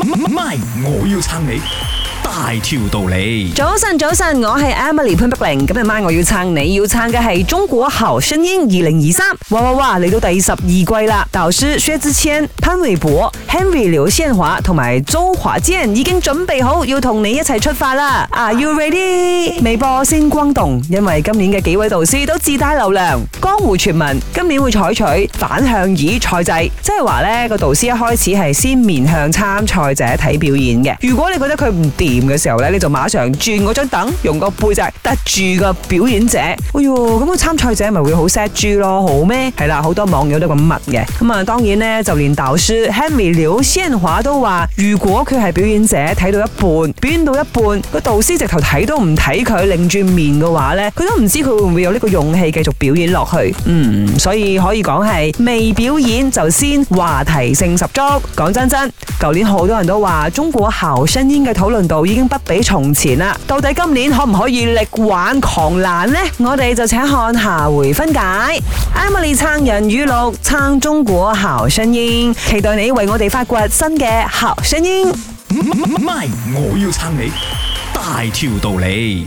賣，我要撐你。大條道理。早晨早晨，我係 Emily 潘碧玲，今日晚我要撐，你要撐嘅係《中國好聲音》二零二三，哇哇哇，嚟到第十二季啦！導師薛之謙、潘瑋柏、Henry 劉憲華同埋周華健已經準備好要同你一齊出發啦！Are you ready？、Yeah. 未播先轟動，因為今年嘅幾位導師都自帶流量。江湖傳聞今年會採取反向耳賽制，即係話呢個導師一開始係先面向參賽者睇表演嘅，如果你覺得佢唔掂，嘅時候咧，你就馬上轉嗰張凳，用個背脊得住個表演者。哎喲咁、個參賽者咪會好 set 住咯，好咩？係啦，好多網友都咁問嘅。咁、嗯、啊，當然呢，就連導師 Henry 柳先華都話：如果佢係表演者，睇到一半，表演到一半，個導師直頭睇都唔睇佢，擰轉面嘅話呢，佢都唔知佢會唔會有呢個勇氣繼續表演落去。嗯，所以可以講係未表演就先話題性十足。講真真，舊年好多人都話中國好聲音嘅討論度，已經不比從前啦，到底今年可唔可以力挽狂瀾呢？我哋就請看下回分解。 Emily 撐人語錄，撐中國好聲音，期待你為我哋發掘新嘅好聲音。唔係，我要撐你，大條道理。